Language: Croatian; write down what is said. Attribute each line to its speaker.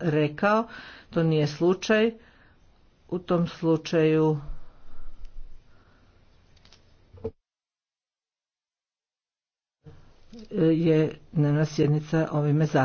Speaker 1: rekao, to nije slučaj. U tom slučaju
Speaker 2: je dnevna sjednica ovime zatim.